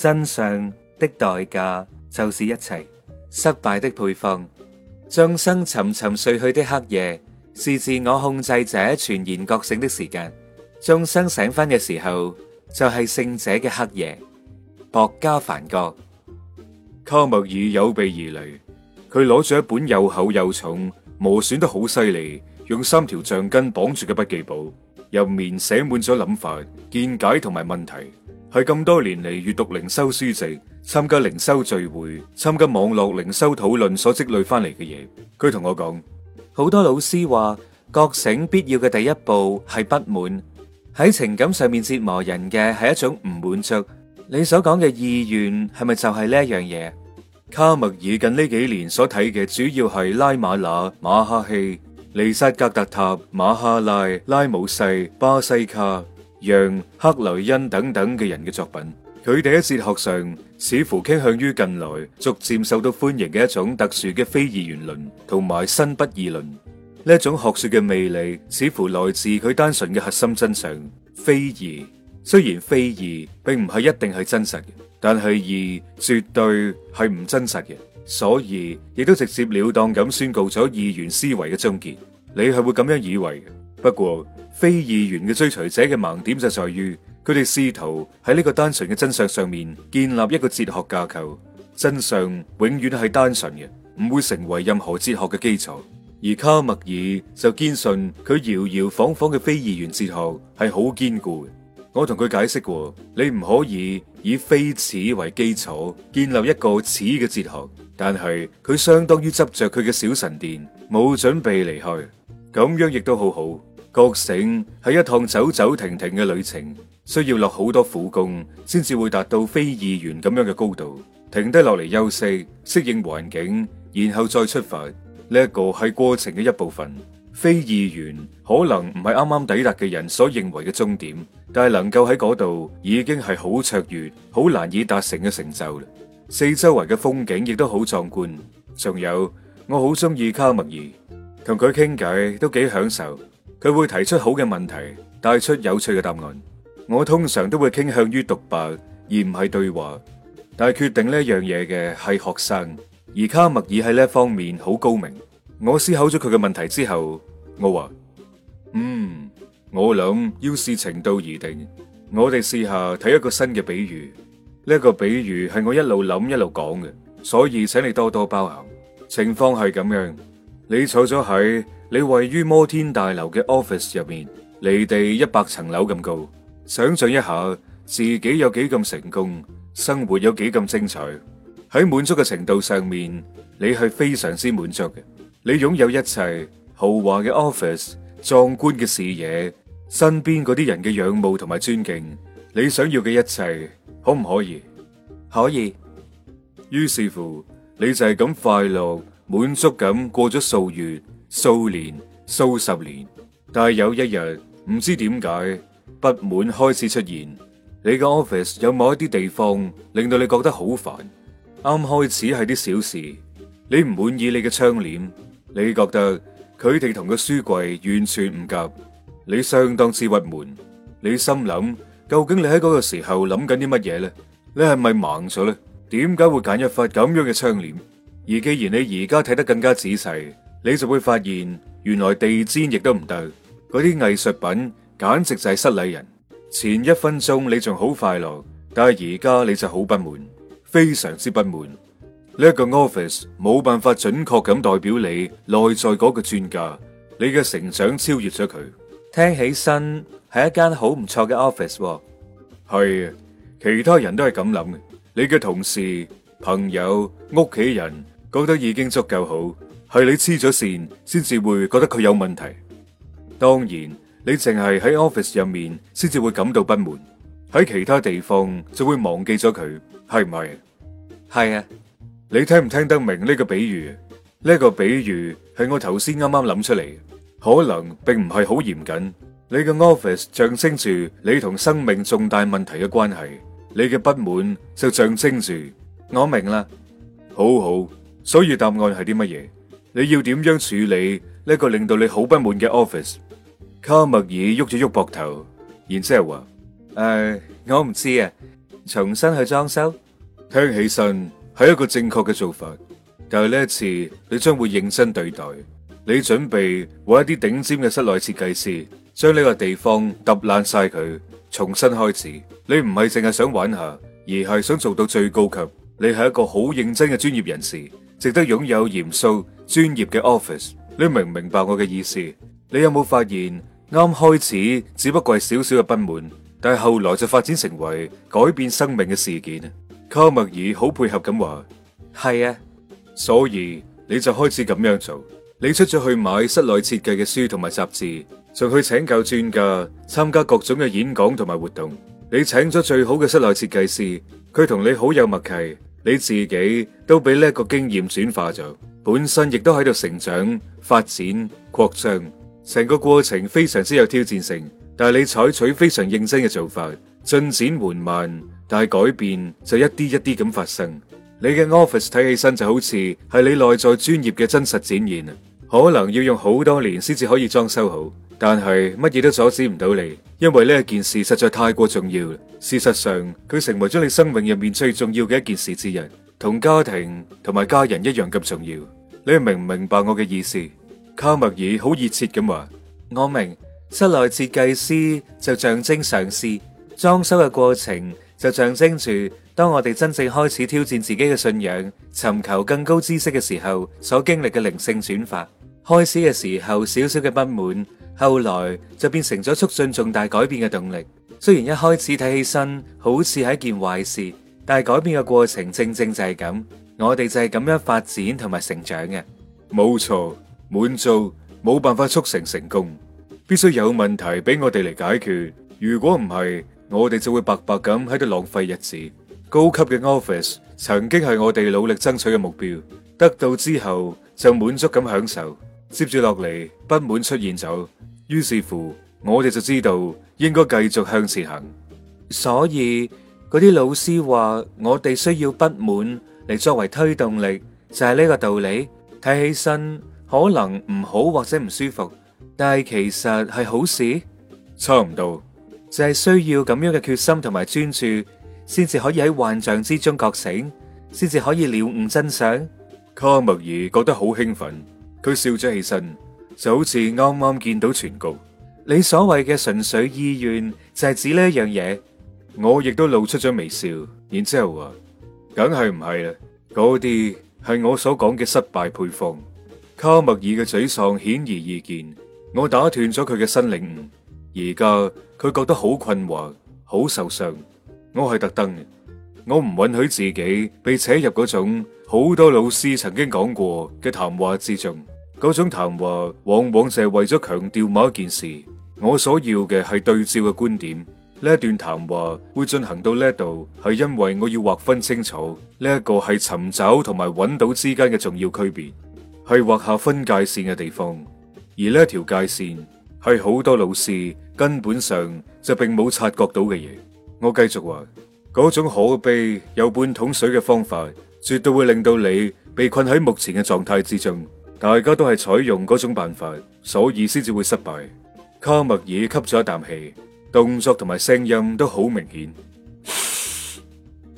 真相的代價就是一切，失敗的配方。眾生沉沉睡去的黑夜，是自我控制者傳言覺醒的時間。眾生醒翻嘅時候，就係、是、聖者嘅黑夜。薄伽梵覺，卡默爾有備而嚟，佢攞住一本又厚又重、磨損得好犀利、用三條橡筋綁住嘅筆記簿，入面寫滿咗諗法、見解同埋問題。係咁多年嚟閱讀靈修書籍、參加靈修聚會、參加網絡靈修討論所積累翻嚟嘅嘢。佢同我講，好多老師話覺醒必要嘅第一步係不滿，喺情感上面折磨人嘅係一種唔滿足。你所講嘅意願係咪就係呢一樣嘢？卡麥爾近呢幾年所睇嘅主要係拉馬那、馬哈希、尼薩格達塔、馬哈拉、拉姆西、巴西卡。讓克雷恩等等嘅人嘅作品，佢哋喺哲學上似乎傾向於近來逐漸受到歡迎嘅一種特殊嘅非二元論同埋新不二論。呢一種學說嘅魅力，似乎來自佢單純嘅核心真相：非二。雖然非二並唔係一定係真實嘅，但係二絕對係唔真實嘅。所以亦都直接了當咁宣告咗二元思維嘅終結。你係會咁樣以為嘅？不過，非二元嘅追隨者，嘅盲點就在於佢哋試圖喺呢個單純嘅真相上面建立一個哲學架構。真相永遠係單純嘅，唔會成為任何哲學嘅基礎。而卡默爾就堅信佢搖搖晃晃嘅非二元哲學係好堅固嘅。我同佢解釋過，你唔可以以非此為基礎建立一個此嘅哲學，但係佢相當於執着佢嘅小神殿，冇準備離開，咁樣亦都好好。覺醒係一趟走走停停嘅旅程，需要落好多苦工，先至會達到非議員咁樣嘅高度。停低落嚟休息，適應環境，然後再出發，呢一個係過程嘅一部分。非議員可能唔係啱啱抵達嘅人所認為嘅終點，但係能夠喺嗰度已經係好卓越、好難以達成嘅成就啦。四周圍嘅風景亦都好壯觀，仲有我好中意卡麥爾，同佢傾偈都幾享受。佢會提出好嘅問題，帶出有趣嘅答案。我通常都會傾向於獨白而唔係對話，但係決定呢一樣嘢嘅係學生，而卡默爾喺呢一方面好高明。我思考咗佢嘅問題之後，我話：嗯，我諗要視程度而定。我哋試下睇一個新嘅比喻，呢一個比喻係我一路諗一路講嘅，所以請你多多包涵。情況係咁樣，你坐咗喺。你位於摩天大樓嘅 office 入面，離地一百層樓咁高。想象一下自己有幾咁成功，生活有幾咁精彩。喺滿足嘅程度上面，你係非常之滿足嘅。你擁有一切豪華嘅 office、壯觀嘅視野、身邊嗰啲人嘅仰慕同埋尊敬，你想要嘅一切可唔可以？可以。於是乎，你就係咁快樂、滿足咁過咗數月。數年、數十年，但係有一日唔知點解不滿開始出現。你個 office 有冇一啲地方令到你覺得好煩？啱開始係啲小事，你唔滿意你嘅窗簾，你覺得佢哋同個書櫃完全唔夾，你相當之鬱悶。你心諗究竟你喺嗰個時候諗緊啲乜嘢呢？你係咪盲咗咧？點解會揀一塊咁樣嘅窗簾？而既然你而家睇得更加仔細。你就會發現，原來地氈亦都唔得，嗰啲藝術品簡直就係失禮人。前一分鐘你仲好快樂，但係而家你就好不滿，非常之不滿。呢個 office 冇辦法準確咁代表你內在嗰個專家，你嘅成長超越咗佢。聽起身係一間好唔錯嘅 office 喎。係，其他人都係咁諗，你嘅同事、朋友、屋企人覺得已經足夠好。係你黐咗線，先至會覺得佢有問題。當然，你淨係喺 office 入面，先至會感到不滿。喺其他地方就會忘記咗佢，係唔係？係啊，你聽唔聽得明呢個比喻？呢個比喻係我頭先啱啱諗出嚟，可能並唔係好嚴謹。你嘅 office 象徵住你同生命重大問題嘅關係，你嘅不滿就象徵住。我明啦，好好，所以答案係啲乜嘢？你要點樣處理呢個令到你好不滿嘅 office？卡默爾喐咗喐膊頭，然之後話：唉、呃，我唔知啊。重新去裝修，聽起身係一個正確嘅做法。但係呢一次，你將會認真對待。你準備揾一啲頂尖嘅室內設計師，將呢個地方揼爛晒佢，重新開始。你唔係淨係想玩下，而係想做到最高級。你係一個好認真嘅專業人士。值得擁有嚴肅專業嘅 office，你明唔明白我嘅意思？你有冇發現啱開始只不過係少少嘅不滿，但係後來就發展成為改變生命嘅事件啊！卡默爾好配合咁話：係啊，所以你就開始咁樣做。你出咗去買室內設計嘅書同埋雜誌，仲去請教專家，參加各種嘅演講同埋活動。你請咗最好嘅室內設計師，佢同你好有默契。你自己都俾呢一個經驗轉化咗，本身亦都喺度成長、發展、擴張，成個過程非常之有挑戰性。但係你採取非常認真嘅做法，進展緩慢，但係改變就一啲一啲咁發生。你嘅 office 睇起身就好似係你內在專業嘅真實展現。可能要用好多年先至可以裝修好，但係乜嘢都阻止唔到你，因為呢件事實在太過重要。事實上，佢成為咗你生命入面最重要嘅一件事之一，同家庭同埋家人一樣咁重要。你明唔明白我嘅意思？卡默爾好熱切咁話：我明室內設計師就象徵上師，裝修嘅過程，就象徵住當我哋真正開始挑戰自己嘅信仰，尋求更高知識嘅時候，所經歷嘅靈性轉化。開始嘅時候，少少嘅不滿，後來就變成咗促進重大改變嘅動力。雖然一開始睇起身好似係一件壞事，但係改變嘅過程正正就係咁，我哋就係咁樣發展同埋成長嘅。冇錯，滿足冇辦法促成成功，必須有問題俾我哋嚟解決。如果唔係，我哋就會白白咁喺度浪費日子。高級嘅 office 曾經係我哋努力爭取嘅目標，得到之後就滿足咁享受。接住落嚟，不滿出現就，於是乎我哋就知道應該繼續向前行。所以嗰啲老師話，我哋需要不滿嚟作為推動力，就係呢個道理。睇起身可能唔好或者唔舒服，但係其實係好事。差唔多就係需要咁樣嘅決心同埋專注，先至可以喺幻象之中覺醒，先至可以了悟真相。卡默爾覺得好興奮。佢笑咗起身，就好似啱啱見到全局。你所謂嘅純粹意願就係指呢一樣嘢。我亦都露出咗微笑，然之後話：梗係唔係啦，嗰啲係我所講嘅失敗配方。卡默爾嘅沮喪顯而易見，我打斷咗佢嘅新領悟，而家佢覺得好困惑、好受傷。我係特登，我唔允許自己被扯入嗰種。好多老師曾經講過嘅談話之中，嗰種談話往往就係為咗強調某一件事。我所要嘅係對照嘅觀點。呢一段談話會進行到呢度，係因為我要劃分清楚呢一個係尋找同埋揾到之間嘅重要區別，係劃下分界線嘅地方。而呢一條界線係好多老師根本上就並冇察覺到嘅嘢。我繼續話嗰種可悲有半桶水嘅方法，絕對會令到你被困喺目前嘅狀態之中。大家都係採用嗰種辦法，所以先至會失敗。卡默爾吸咗一啖氣，動作同埋聲音都好明顯。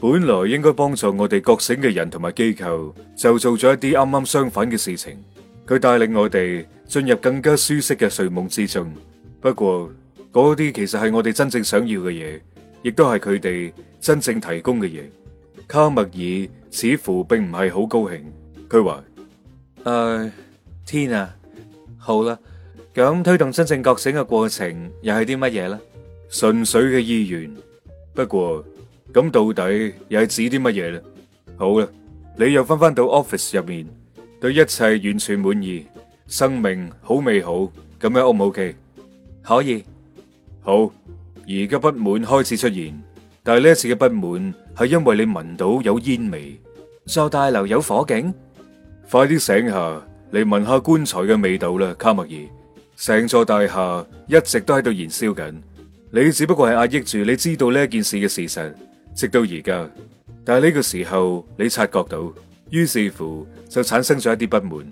本來應該幫助我哋覺醒嘅人同埋機構，就做咗一啲啱啱相反嘅事情。佢帶領我哋進入更加舒適嘅睡夢之中。不過，嗰啲其實係我哋真正想要嘅嘢，亦都係佢哋真正提供嘅嘢。卡默爾似乎並唔係好高興，佢話：唉，天啊！好啦，咁推動真正覺醒嘅過程又係啲乜嘢咧？純粹嘅意願。不過咁到底又係指啲乜嘢咧？好啦，你又翻返到 office 入面，對一切完全滿意，生命好美好，咁樣屋冇機，可以。好，而家不滿開始出現。但係呢一次嘅不滿係因為你聞到有煙味，座大樓有火警，快啲醒下你聞下棺材嘅味道啦，卡默爾。成座大廈一直都喺度燃燒緊，你只不過係壓抑住，你知道呢一件事嘅事實，直到而家。但係呢個時候你察覺到，於是乎就產生咗一啲不滿。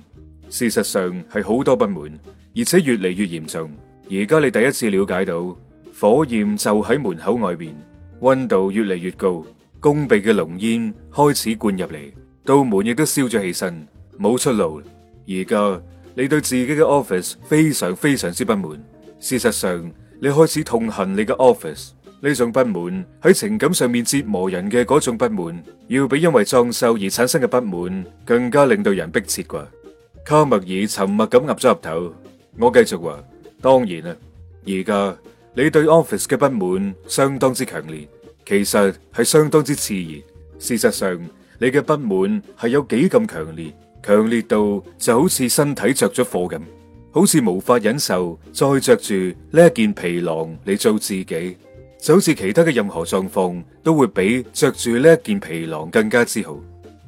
事實上係好多不滿，而且越嚟越嚴重。而家你第一次了解到火焰就喺門口外面。溫度越嚟越高，嗆鼻嘅濃煙開始灌入嚟，道門亦都燒咗起身，冇出路。而家你對自己嘅 office 非常非常之不滿，事實上你開始痛恨你嘅 office，呢種不滿喺情感上面折磨人嘅嗰種不滿，要比因為裝修而產生嘅不滿更加令到人迫切啩。卡默爾沉默咁岌咗岌頭，我繼續話，當然啦，而家。你對 office 嘅不滿相當之強烈，其實係相當之熾熱。事實上，你嘅不滿係有幾咁強烈，強烈到就好似身體着咗火咁，好似無法忍受再着住呢一件皮囊嚟做自己，就好似其他嘅任何狀況都會比着住呢一件皮囊更加之好。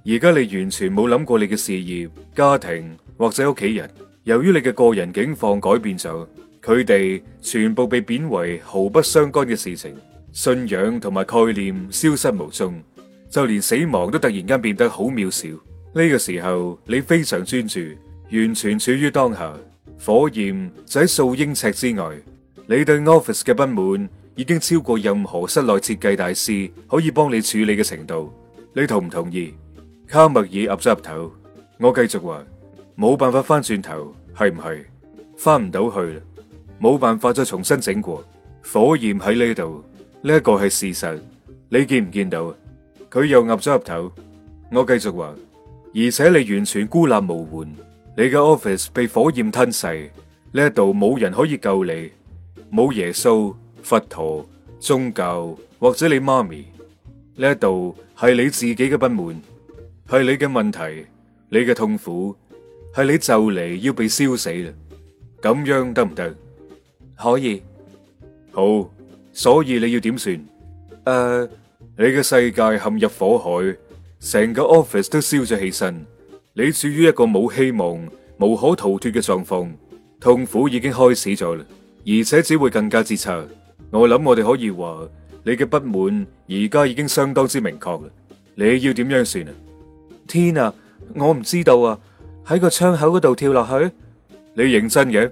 而家你完全冇諗過你嘅事業、家庭或者屋企人，由於你嘅個人境況改變咗。佢哋全部被貶為毫不相干嘅事情，信仰同埋概念消失無蹤，就連死亡都突然間變得好渺小。呢個時候，你非常專注，完全處於當下。火焰就喺數英尺之外。你對 Office 嘅不滿已經超過任何室內設計大師可以幫你處理嘅程度。你同唔同意？卡麥爾岌咗岌頭，我繼續話，冇辦法翻轉頭，係唔係？翻唔到去。冇辦法再重新整過，火焰喺呢度，呢一個係事實。你見唔見到？佢又岌咗岌頭。我繼續話，而且你完全孤立無援，你嘅 office 被火焰吞噬，呢一度冇人可以救你，冇耶穌、佛陀、宗教或者你媽咪，呢一度係你自己嘅不滿，係你嘅問題，你嘅痛苦，係你就嚟要被燒死啦。咁樣得唔得？可以，好，所以你要點算？誒，uh, 你嘅世界陷入火海，成個 office 都燒咗起身，你處於一個冇希望、無可逃脫嘅狀況，痛苦已經開始咗啦，而且只會更加之差。我諗我哋可以話，你嘅不滿而家已經相當之明確啦。你要點樣算啊？天啊，我唔知道啊！喺個窗口嗰度跳落去？你認真嘅？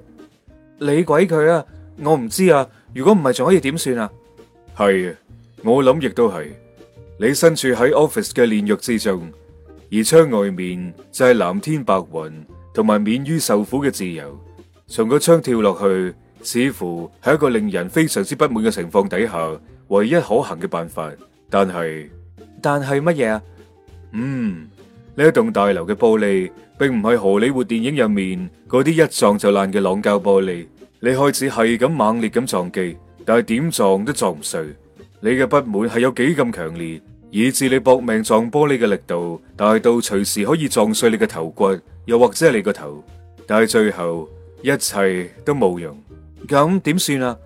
你鬼佢啊！我唔知啊，如果唔係，仲可以點算啊？係，我諗亦都係。你身處喺 office 嘅煉獄之中，而窗外面就係藍天白雲同埋免於受苦嘅自由。從個窗跳落去，似乎係一個令人非常之不滿嘅情況底下唯一可行嘅辦法。但係，但係乜嘢啊？嗯，呢一棟大樓嘅玻璃，並唔係荷里活電影入面嗰啲一撞就爛嘅朗膠玻璃。你開始係咁猛烈咁撞擊，但係點撞都撞唔碎。你嘅不滿係有幾咁強烈，以致你搏命撞玻璃嘅力度大到隨時可以撞碎你嘅頭骨，又或者你個頭。但係最後一切都冇用。咁點算啊？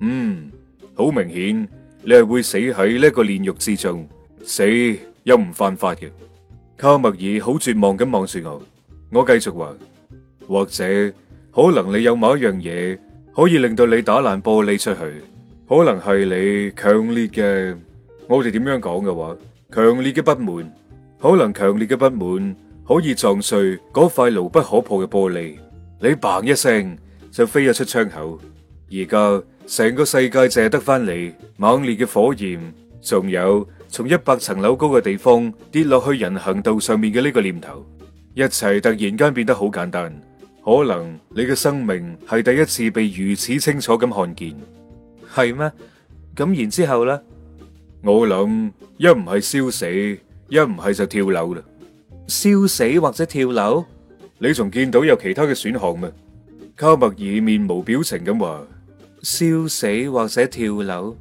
嗯，好明顯你係會死喺呢個煉獄之中，死又唔犯法嘅。卡麥爾好絕望咁望住我，我繼續話，或者。可能你有某一樣嘢可以令到你打爛玻璃出去，可能係你強烈嘅，我哋點樣講嘅話，強烈嘅不滿，可能強烈嘅不滿可以撞碎嗰塊牢不可破嘅玻璃，你嘭一聲就飛咗出窗口。而家成個世界淨係得翻你猛烈嘅火焰，仲有從一百層樓高嘅地方跌落去人行道上面嘅呢個念頭，一切突然間變得好簡單。可能你嘅生命係第一次被如此清楚咁看見，係咩？咁然之後咧，我諗一唔係燒死，一唔係就跳樓啦。燒死或者跳樓，你仲見到有其他嘅選項咩？卡麥爾面無表情咁話：燒死或者跳樓。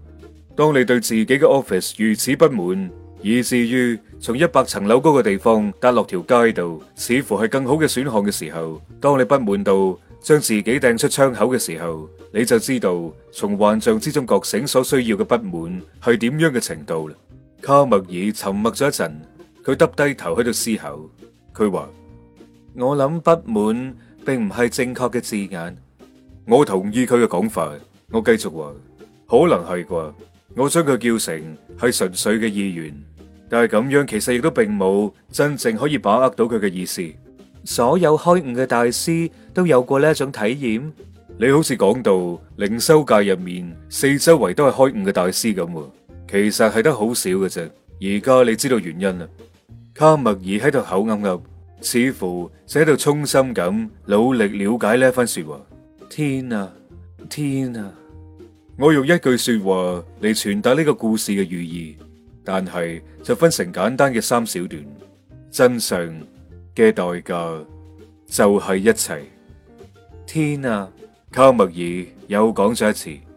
當你對自己嘅 office 如此不滿，以至於。從一百層樓高嘅地方跌落條街度，似乎係更好嘅選項嘅時候。當你不滿到將自己掟出窗口嘅時候，你就知道從幻象之中覺醒所需要嘅不滿係點樣嘅程度啦。卡麥爾沉默咗一陣，佢耷低頭喺度思考。佢話：我諗不滿並唔係正確嘅字眼。我同意佢嘅講法。我繼續話：可能係啩？我將佢叫成係純粹嘅意願。但係咁樣，其實亦都並冇真正可以把握到佢嘅意思。所有開悟嘅大師都有過呢一種體驗。你好似講到靈修界入面，四周圍都係開悟嘅大師咁，其實係得好少嘅啫。而家你知道原因啦。卡默爾喺度口噏噏，似乎就喺度衷心咁努力了解呢一番說話。天啊！天啊天啊！我用一句說話嚟傳達呢個故事嘅寓意，但係就分成簡單嘅三小段，真相嘅代價就係一切。天啊，卡默爾又講咗一次。